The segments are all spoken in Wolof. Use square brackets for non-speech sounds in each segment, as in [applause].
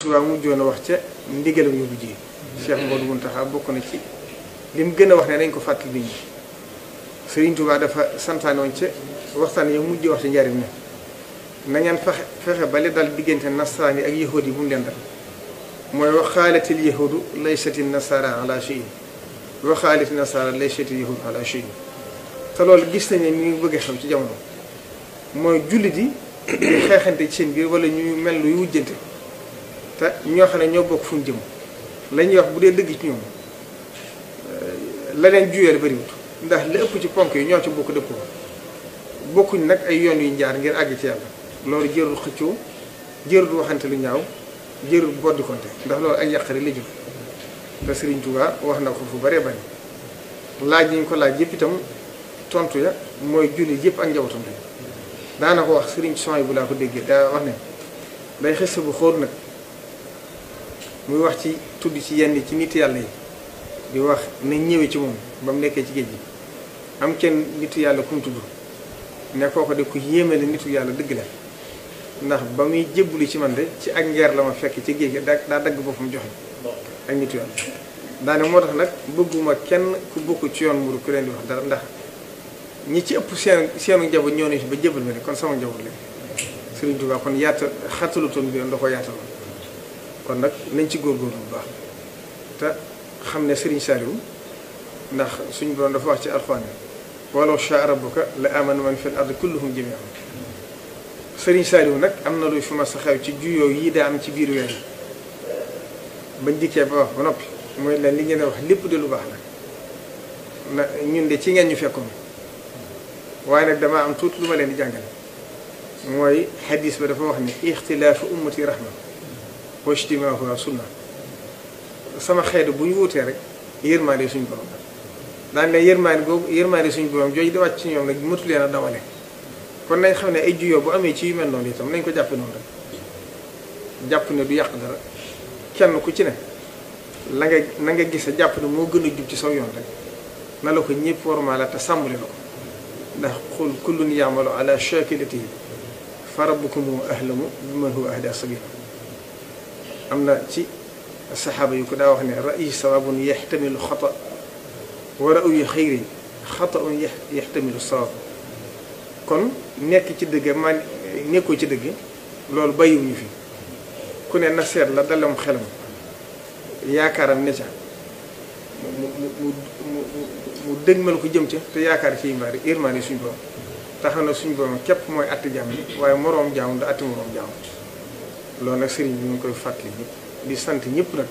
Touba mujjoon a wax ca ndigalam yu mujj yi Cheikh Modou Mountakha bokk na ci li mu gën a wax ne nañ ko fàttali nit ñi Serigne Touba dafa santaane woon ca waxtaan yow mujj wax ci njariñ ne nañaan fexe fexe ba li dal diggante nasaraan yi ak yahuud yi bu mu leen dal mooy waxaalatil yahuudu laysati nasara ala shay'in waxaalati nasara laysati yahuud ala shay'in te loolu gis nañ ne mi ngi bëgg a xam ci jamono mooy jullit yi [coughs] di xeexante ci seen biir wala ñu mel luy wujjante te ñoo xam ne ñoo bokk fu ñu jëm la ñuy wax bu dee dëgg ci ñoom la leen juyeel bariwut ndax li ëpp ci ponk yi ñoo ci bokk dëppoo bokkuñ nag ay yoon yu njaar ngir àgg ci yàlla loolu jërul xëccoo jërul waxante lu ñaaw jërul boddikonte ndax loolu ay yàqare la jur te Sëriñ Tuubaa wax na ko fu baree bari laaj yi ko laaj yëpp itam tontu ya mooy julli yëpp ak njabootam daana ko wax Sëriñ Sohaybu bu laa ko déggee daa wax ne day xëstu bu xóot nag muy wax ci tudd ci yenn ci nit yàlla yi di wax nañ ñëwee ci moom ba mu nekkee ci géej gi am kenn nitu yàlla kum tudd ne kooko de ku yéeme la nitu yàlla dëgg la ndax ba muy jébbuli ci man de ci ak ngeer la ma fekk ci géej gi daa dagg boppam joxe ak nitu yàlla daane moo tax nag bëgguma kenn ku bokk ci yoon muru ku di wax dara ndax ñi ci ëpp seen seenu njaboot ñoo ne ba jébbal ma ne kon sama njaboot la Sëriñ Tuubaa kon yaata xatalutoon bi yoon da ko yaataloon kon nak nañ ci gorgor bu baax ta xamne Serigne Saliou ndax suñu borom dafa wax ci alxuraan wala shaa rabbuka la amana man fil ard kulluhum jami'a Serigne Saliou nak amna luy fuma sa xew ci juyo yi da am ci biir weer bañ dikké ba wax ba nopi moy la li ngeen wax lépp de lu baax nak ñun de ci ngeen ñu fekkum waye nak dama am tout luma ma leen di jangal moy hadith ba dafa wax ni ixtilaafu ummati rahma wajtinaabu naa sunna sama xeetu bu ñu wutee rek yërmaande suñu borom daan leen yërmaande boobu yërmaande suñu borom jooju di wàcc ci ñoom nag mëtu leen a kon nañ xam ne ay juyoo bu amee ci yu mel noonu itam ko jàpp noonu ne yàq dara kenn ku ci ne la nga na nga gis jàpp ne moo gën a jub ci saw yoon rek na la ko ñëpp warmaala te sàmmule la ko ndax xul kullun yaamalu ala shakilatihi fa rabbukum ahlamu bi man huwa ahda sabila أمنا تي الصحابة يكون أوهن رأي صواب يحتمل خطأ ورأي خير خطأ يحتمل الصواب كون نيكي تي دغ ما نيكو تي دغ لول بايو ني في كون انا سير لا دالم خلم ياكارم نيتا mu dëgmal ko jëm ca te yaakaar fii mbaar irmaani suñ borom tax na suñ borom képp mooy atti jàmm waaye moroom loolu nag ñu koy fàttali ñëpp di sant ñëpp nag.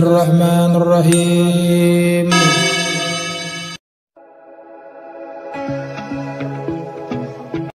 الرحمن الرحيم